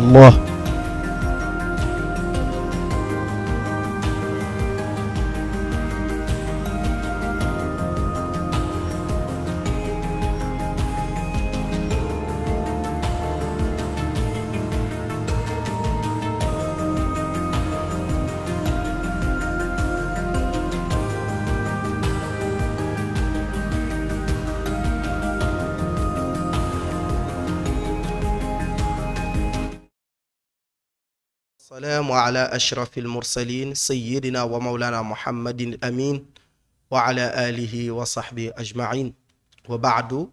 allah wassalaamu ala ashrafi almursalin sayidina wa maulana muhammadin amin wa ala alihi wa sahbi ajmain wa baadu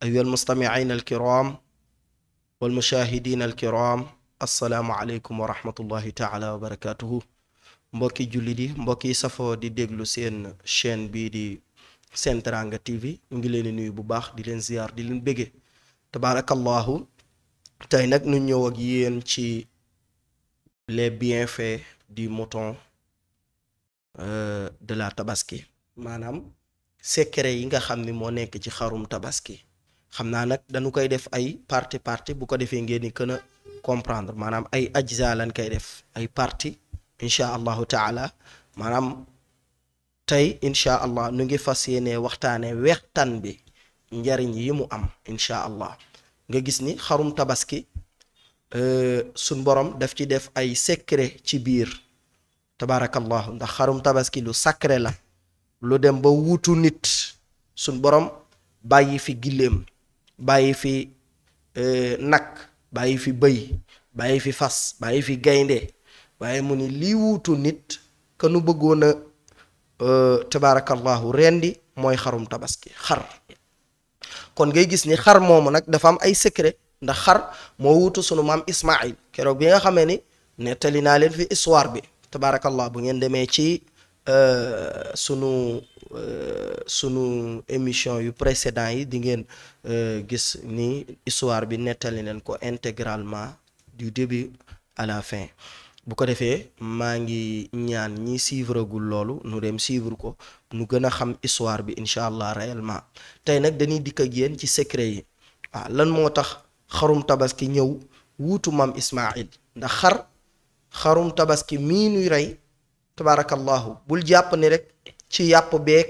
ayuha almustamiin alkiram walmushahidin alkiram assalaamu aleykum wa rahmatullahi taala wa barakatuhu mbokki jullit yi safoo di déglu seen chaîne bii di Sen TV ñu ngi leen di nuyu bu baax di leen ziyaar di leen bége tabaarakallahu tey nag nu ci les bienfaits du moton euh, de la tabaski maanaam secret yi nga xam ni moo nekk ci xarum tabaski xam naa nag dañu koy def ay parti parti bu ko defee ngeen di gën a comprendre maanaam ay ajza lañ koy def ay parti incha allahu taala maanaam tey incha allah nu ngi fas yéene waxtaane wextan bi njariñ yi mu am incha allah nga gis ni xarum tabaski Euh, suñ borom daf ci def ay secret ci biir tabaarakallahu ndax xarum tabaski lu sacré la lu dem ba wuutu nit suñ borom bàyyi fi gilleem bàyyi fi euh, nag bàyyi fi bëy bàyyi fi fas bàyyi fi gaynde waaye mu ni lii wuutu nit ka nu bëggoon a euh, tabaarakallahu rendi mooy xarum tabaski xar kon ngay gis ni xar moomu nag dafa am ay secret ndax xar moo wuutu sunu maam Ismaïl keroog bi nga xamee ni nettali naa leen fi histoire bi tabaarakallah bu ngeen demee ci euh, sunu euh, sunu émission yu précédent yi di ngeen euh, gis ni histoire bi nettali leen ko intégralement du début à la fin bu ko defee maa ngi ñaan ñi suivre loolu nu dem suivre ko nu gën a xam histoire bi incha allah réellement tey nag dañuy dikk ak yéen ci secret yi lan moo tax. xarum tabaski ñëw wuutu maam Ismaayil ndax xar xarum tabaski mii nuy rey tabaarakallahu bul jàpp ni rek ci yàpp beeg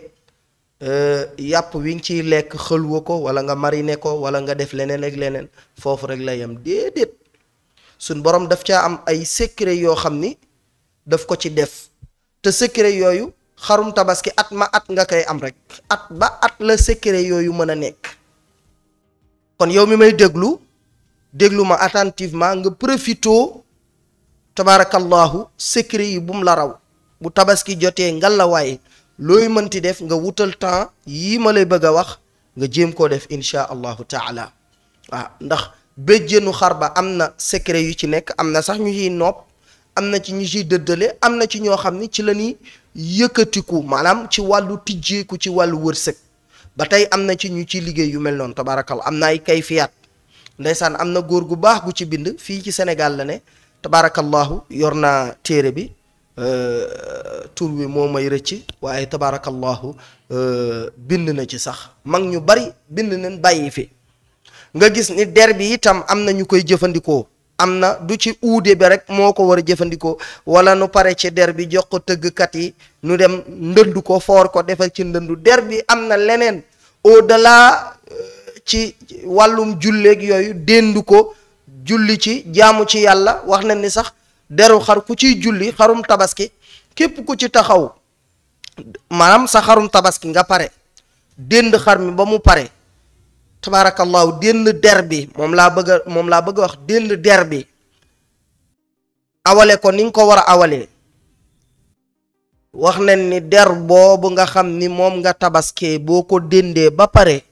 euh, yàpp wi nga ciy lekk xëlwa ko wala nga mariner ko wala nga def leneen ak leneen foofu rek la yem déedéet suñ borom daf caa am ay secret yoo xam ni daf ko ci def te secret yooyu xarum tabaski at ma at nga koy am rek at ba at la secret yooyu mën a nekk kon yow mi may déglu déglu ma attentivement nga profitoo tabarakallahu secret yi bu mu la raw bu tabaski jotee ngal la waaye looy mënti def nga wutal temps yii ma lay bëgg a wax nga jéem koo def insha allahu taala waaw ah, ndax béjjénu xar ba am na secret yu ci nekk am na sax ñu ciy nopp am na ci ñu ciy dëddale am na ci ñoo xam ni ci la ñuy yëkkatiku maanaam ci wàllu tijjeeku ci wàllu wërsëg ba tey am na ci ñu ciy liggéey yu mel noonu tabarakallah am na ay kayfiyaat ndeysaan am na góor gu baax gu ci bind fii ci senegal la ne tabaarakallahu yor naa téere bi euh, tur wi moo may rëcc waaye tabaarakallahu euh, bind na ci sax mag ñu bari bind nañ bàyyi fi nga gis ni der bi itam am na ñu koy jëfandikoo am na du ci uude bi rek moo ko war a jëfandikoo wala nu pare ci der bi jox ko tëggkat yi nu dem ndënd ko foor ko defal ci ndëndu der bi am na leneen au delà euh, ci wàllum julleeg yooyu déndu ko julli ci jaamu ci yàlla wax na ni sax deru xar ku ciy julli xarum tabaski képp ku ci taxaw maanaam sa xarum tabaski nga pare dénd xar mi ba mu pare tabaarakallaahu dénd der bi moom laa bëgg a moom laa bëgg wax dénd der bi awale ko ni nga ko war a awalee wax nañ ni der boobu nga xam ni moom nga tabaskee boo ko déndee ba pare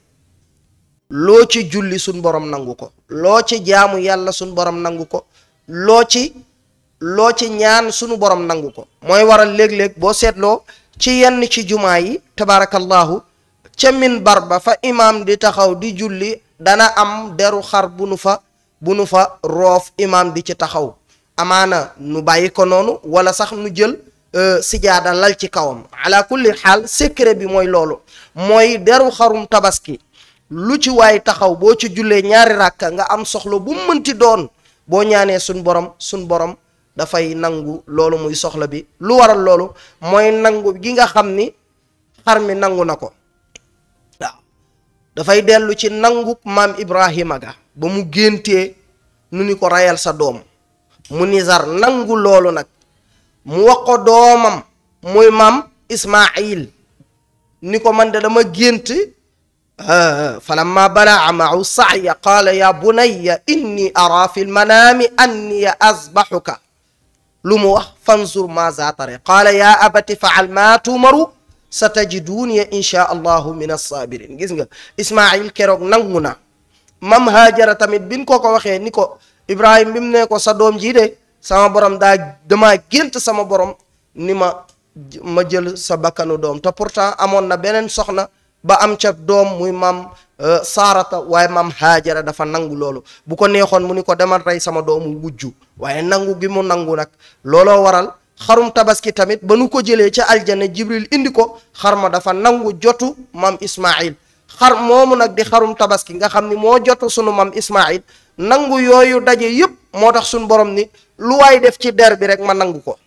loo ci julli suñ boroom nangu ko loo ci jaamu yàlla suñ borom nangu ko loo ci loo ci ñaan sunu borom nangu ko mooy waral léeg-léeg boo seetloo ci yenn ci jumaa yi tabaarakallahu ca minbar ba fa imaam di taxaw di julli dana am deru xar bu nu fa bu nu fa roof imaam di ci taxaw amaana nu bàyyi ko noonu wala sax nu jël euh, si jaada lal ci kawam ala kulli xaal secret bi mooy loolu mooy deru xarum tabaski lu ci waay taxaw boo ci jullee ñaari ràkka nga am soxla bu mënti doon boo ñaanee suñ borom suñ borom dafay nangu loolu muy soxla bi lu waral loolu mooy nangu gi nga xam ni xar mi nangu na ko waaw dafay dellu ci nangu maam Ibrahima ga ba mu géntee nu ni ko rayal sa doom mu nizar nangu loolu nag mu wax ko doomam muy maam Ismaayil ni ko man de dama gént falamma balaa maahu saaya qaala ya bunaya inni ara fi lmanaami anni azbaxuka lu mu wax fanzur maza tare qaala ya abati faal ma tuumaru sa tajiduuni insha allahu min alsaabirin gis nga ismail keroog nangu na mam haajara tamit bin ko ko waxee ni ko ibrahim bi mu ne ko sa doom jii de sama borom daa dama gént sama borom ni ma ma jël sa bakkanu doom te pourtant amoon na beneen soxna ba am ca doom muy maam euh, saarata waaye maam haajara dafa nangu loolu bu ko neexoon mu ni ko demal rey sama doomu wujju waaye nangu gi mu nangu nag looloo waral xarum tabaski tamit ba nu ko jëlee ca aljana jibril indi ko xar ma dafa nangu jotu maam ismail xar moomu nag di xarum tabaski nga xam ni moo jotu sunu maam ismail nangu yooyu daje yëpp moo tax sunu borom ni lu waay def ci der bi rek ma nangu ko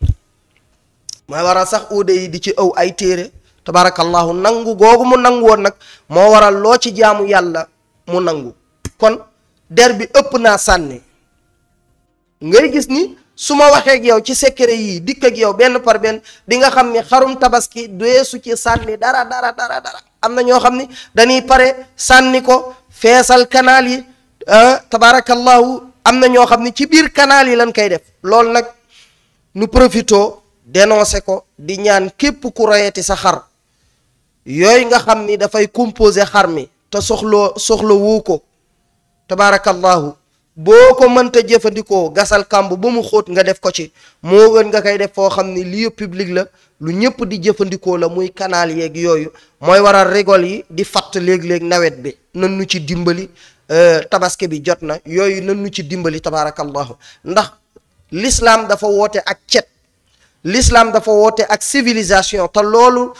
ma waral sax uude yi di ci aw ay téere tabaarakallaahu nangu googu mu nangu woon nag moo waral loo ci jaamu yàlla mu nangu kon der bi ëpp naa sànni ngay gis ni su ma waxee ak yow ci secret yii dikk ak yow benn par benn di nga xam ni xarum tabaski deesu ci sànni dara dara dara am na ñoo xam ni dañuy pare sànni ko feesal kanaal yi ah, tabaarakallaahu am na ñoo xam ni ci biir kanaal yi lan koy def loolu nag nu profito dénoncé ko di ñaan képp ku ti sa xar yooyu nga xam ni dafay composer xar mi te soxloo soxla woo ko tabaarakallahu boo ko mënta jëfandikoo gasal kàmb ba mu xóot nga def ko ci moo wër nga koy def foo xam ni lieu public la lu ñëpp di jëfandikoo la muy kanaal yeeg yooyu mooy waral rigole yi di fatt léeg-léeg nawet bi nan nu ci dimbali euh, tabaske bi jot na yooyu nan nu ci dimbali tabaarakallahu ndax l'islam dafa woote ak cet l'islam dafa woote ak civilisation te loolu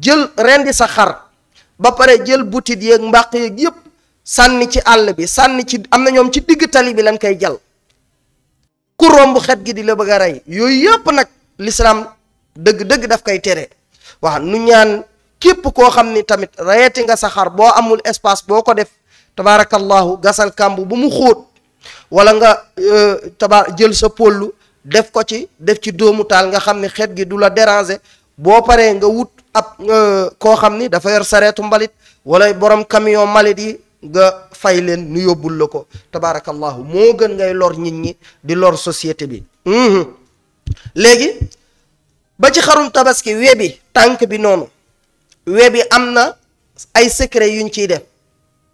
jël rendi sa xar ba pare jël butit yeeg mbàq yeeg yëpp sànni ci àll bi sànni ci am na ñoom ci digg tali bi lañ koy jal ku romb xet gi di la bëgg a rey yooyu yëpp nag lislaam dëgg-dëgg daf koy tere waaw nu ñaan képp koo xam ni tamit rayeti nga sa xar boo amul espace boo ko def tabaarakallahu gasal kàmb bu mu xóot wala nga euh, tabaar jël sa pollu def ko ci def ci dóomu taal nga xam ne xet gi du la déranger boo paree nga wut Euh, koo xam ni dafa yor sareetu mbalit wala borom camion malit yi nga fay leen nu yóbbul la ko tabaarakallahu moo gën ngay lor nit ñi di lor société bi léegi ba ci xarum tabaski we bi tànk bi noonu we bi am na ay secret yuñ ciy def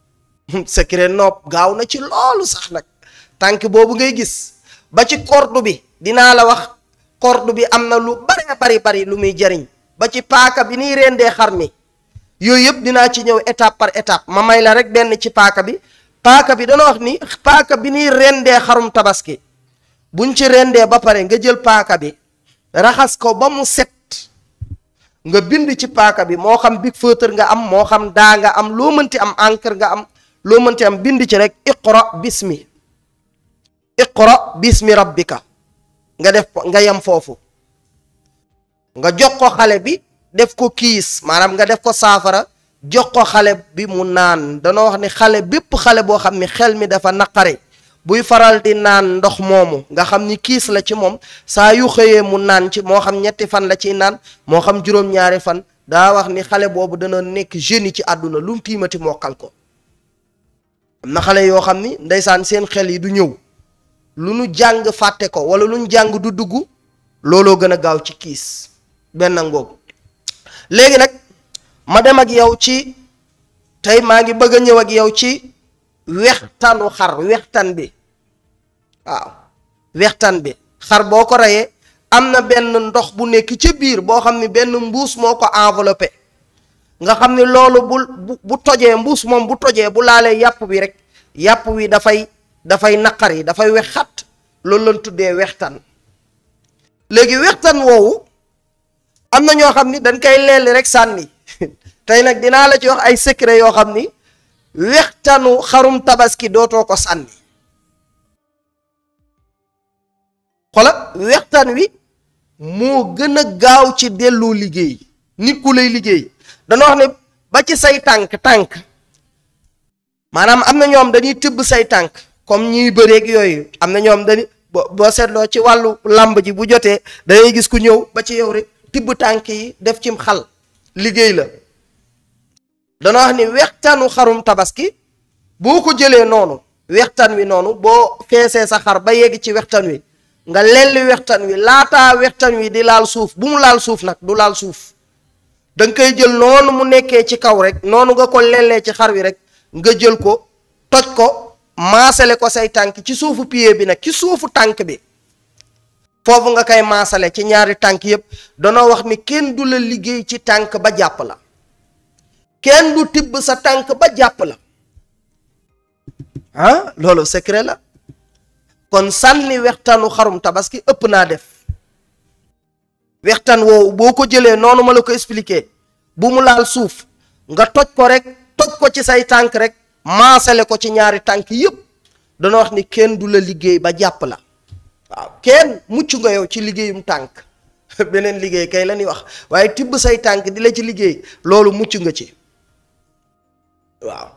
secret nopp gaaw na ci loolu sax nag tànk boobu ngay gis ba ci corde bi dinaa la wax corde bi am na lu bare bari bari lu muy jariñ ba ci paaka bi nii rendee xar mi yooyu yëpp dinaa ci ñëw étape par étape ma may la rek benn ci paaka bi paaka bi dana ni paaka bi nii rendee xarum tabaski buñ ci rendee ba pare nga jël paaka bi raxas ko ba mu set nga bind ci paaka bi moo xam big feutre nga am moo xam daa nga am loo mënti am encre nga am loo mënti am bind ci rek iqra bismi iqra bismi rabbika nga def nga yem foofu nga jox ko xale bi def ko kiis maanaam nga def ko saafara jox ko xale bi mu naan danoo wax ni xale bépp xale boo xam ni xel mi dafa naqari buy faral di naan ndox moomu nga xam ni kiis la ci moom saa yu xëyee mu naan ci moo xam ñetti fan la ciy naan moo xam juróom-ñaari fan daa wax ni xale boobu dana nekk jeunes yi ci àdduna lu mu mokkal ko am yoo xam ni ndeysaan seen xel yi du ñëw lu nu jàng fàtte ko wala lu nu jàng du dugg looloo gën a gaaw ci kiis benn ngoog léegi nag ma dem ak yow ci tey maa ngi bëgg a ñëw ak yow ci wextanu xar wextan bi waaw wextan bi xar boo ko reyee am na benn ndox bu nekk ci biir boo xam ni benn mbuus moo ko enveloppé nga xam ni loolu bu bu tojee mbuus moom bu tojee bu laalee yàpp wi rek yàpp wi dafay dafay naqar yi dafay wex xat loolu lañ tuddee wextan léegi wextan woowu am na ñoo xam ni dañ koy leelli rek sànni tey nag dinaa la ci wax ay secret yoo xam ni wextanu xarum tabaski dootoo ko sànni xola wextan wi moo gën a gaaw ci delloo liggéey nit ku lay liggéey dana wax ne ba ci say tànk tànk maanaam am na ñoom dañuy tibb say tànk comme ñuy bëreeg yooyu am na ñoom dañuy boo seetloo ci wàllu làmb ji bu jotee dangay gis ku ñëw ba ci yow rek tibb tànk yi def cim xal liggéey la dana wax ni wextaanu xarum tabaski boo ko jëlee noonu wextaan wi noonu boo feesee sa xar ba yegg ci wextan wi nga lelli wextaan wi laata wextaan wi di laal suuf bu mu laal suuf nag du laal suuf da nga koy jël noonu mu nekkee ci kaw rek noonu nga ko lellee ci xar wi rek nga jël ko toj ko maasale ko say tànk ci suufu pied bi nag ci suufu tànk bi foofu nga koy maasale ci ñaari tànk yépp danoo wax ni kenn du la liggéey ci tànk ba jàpp la kenn du tibb sa tànk ba jàpp la ah loolu secret la kon sànni wextanu xarum tabaski ëpp naa def wextan woowu boo ko jëlee noonu ma la ko expliqué bu mu laal suuf nga toj ko rek toj ko ci say tànk rek maasale ko ci ñaari tànk yépp dana wax ni kenn du la liggéey ba jàpp la waaw kenn mucc nga yow ci liggéeyum tànk beneen liggéey kay la wax waaye tibb say tànk di la ci liggéey loolu mucc nga ci waaw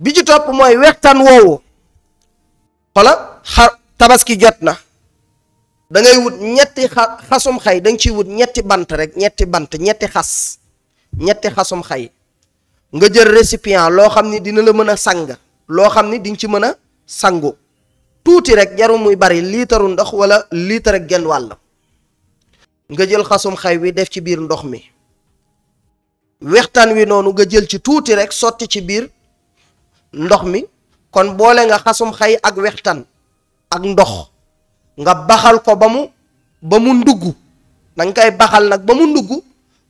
bi ci topp mooy wextaan woowu xoola xar tabaski jot na dangay wut ñetti xa xasum xay da nga ciy wut ñetti bant rek ñetti bant ñetti xas ñetti xasum xay nga jël récipient loo xam ni dina la mën a sang loo xam ni di nga ci mën a sangu tuuti rek jaru muy bari liitaru ndox wala liitar ak genn wàll nga jël xasum xay wi def ci biir ndox mi wextaan wi noonu nga jël ci tuuti rek sotti ci biir ndox mi kon boole nga xasum xay ak wextan ak ndox nga baxal ko ba mu ba mu ndugg danga koy baxal nag ba mu ndugg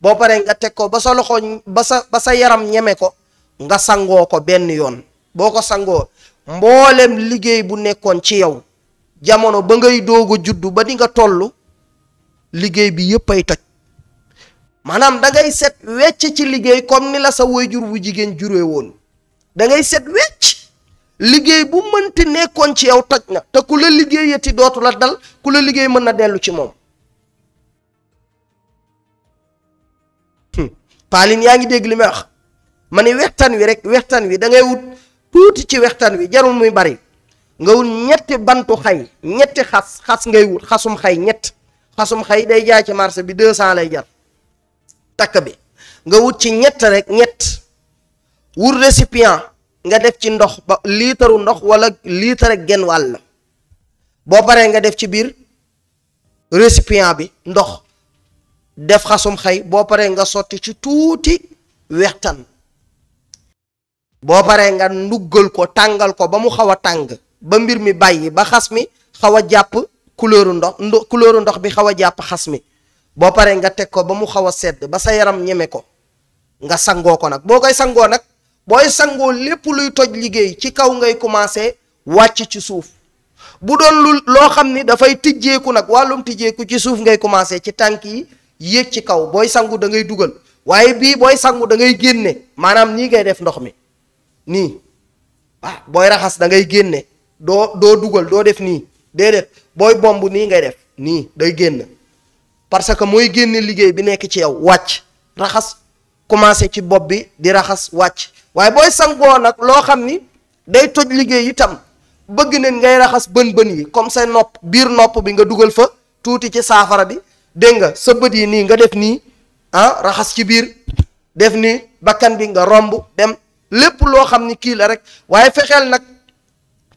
boo paree nga teg ko ba sa loxo ba sa ba sa yaram ñeme ko nga sangoo ko benn yoon boo ko sangoo mboolem liggéey bu nekkoon ci yow jamono ba ngay doog a juddu ba di nga toll liggéey bi yépp ay toj maanaam dangay set wecc ci liggéey comme ni la sa waajur wu jigéen juree woon da ngay set wecc liggéey bu mënti nekkoon ci yow toj na te ku la liggéeyati dootu la dal ku la liggéey mën na dellu ci moom hmm. paalin yaa ngi dégg li may wax ma ni wi rek wextaan wi dangay wut tuuti ci wextaan wi jarul muy bari nga wut ñetti bantu xay ñetti xas xas ngay wut xasum xay ñett xasum xay day jaay ci marché bi deux cent lay jar takk bi nga wut ci ñett rek ñett wut récipient nga def ci ndox ba liitaru ndox wala liitar ak genn wàll boo paree nga def ci biir récipient bi ndox def xasum xay boo paree nga sotti ci tuuti wextaan boo paree nga nduggal ko tàngal ko ba mu xaw a tàng ba mbir mi bàyyi ba xas mi xaw a jàpp couleuru ndox couleuru ndox bi xaw a jàpp xas mi boo paree nga teg ko ba mu xaw a sedd ba sa yaram ñeme ko nga sangoo ko nag boo koy sangoo nag booy sangoo lépp luy toj liggéey ci kaw ngay commencé wàcc ci suuf bu doon lu loo xam ni dafay tijjeeku nag wàllum tijjeeku ci suuf ngay commencé ci tànk yi yéeg ci kaw booy sangu da ngay dugal waaye bii booy sangu da ngay génne maanaam nii ngay def ndox mi nii ah booy raxas da ngay génne doo doo dugal doo def nii déedéet booy bomb nii ngay def nii day génn parce que mooy génne liggéey bi nekk ci yow wàcc raxas commencé ci bopp bi di raxas wàcc waaye booy sangoo nag loo xam ni day toj liggéey itam bëgg nañ ngay raxas bën-bën yi comme say nopp biir nopp bi nga dugal fa tuuti ci saafara bi dégg nga sa bët yi nii nga def nii ah, raxas ci biir def nii bakkan bi nga romb dem lépp loo xam ni kii la rek waaye fexeel nag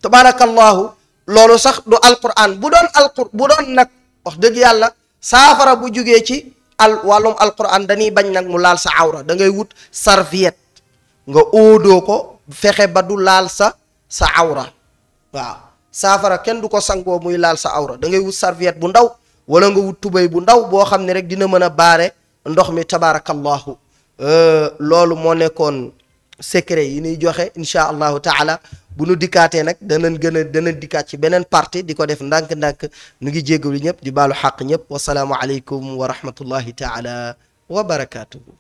tabaarakallahu loolu sax du alquran bu doon alqur bu doon nag wax dëgg yàlla saafara bu jugee ci al wàllum alquran dañuy bañ nag mu laal sa awra da ngay wut serviette nga óodoo ko fexe ba du laal sa sa awra waaw saafara kenn du ko sangoo muy laal sa awra da ngay wut serviette bu ndaw wala nga wut tubéy bu ndaw boo xam ne rek dina mën a baare ndox mi tabaarakallahu euh, loolu moo nekkoon secret yi ñuy joxe incha allahu taala bu nu dikkaatee nag danañ gën a danañ dikkaat ci beneen partie di ko def ndànk-ndànk nu ngi jéggalu ñëpp di baalu xàq ñëpp wasalaamualeykum wa rahmatullahi taala wa barakaatuhu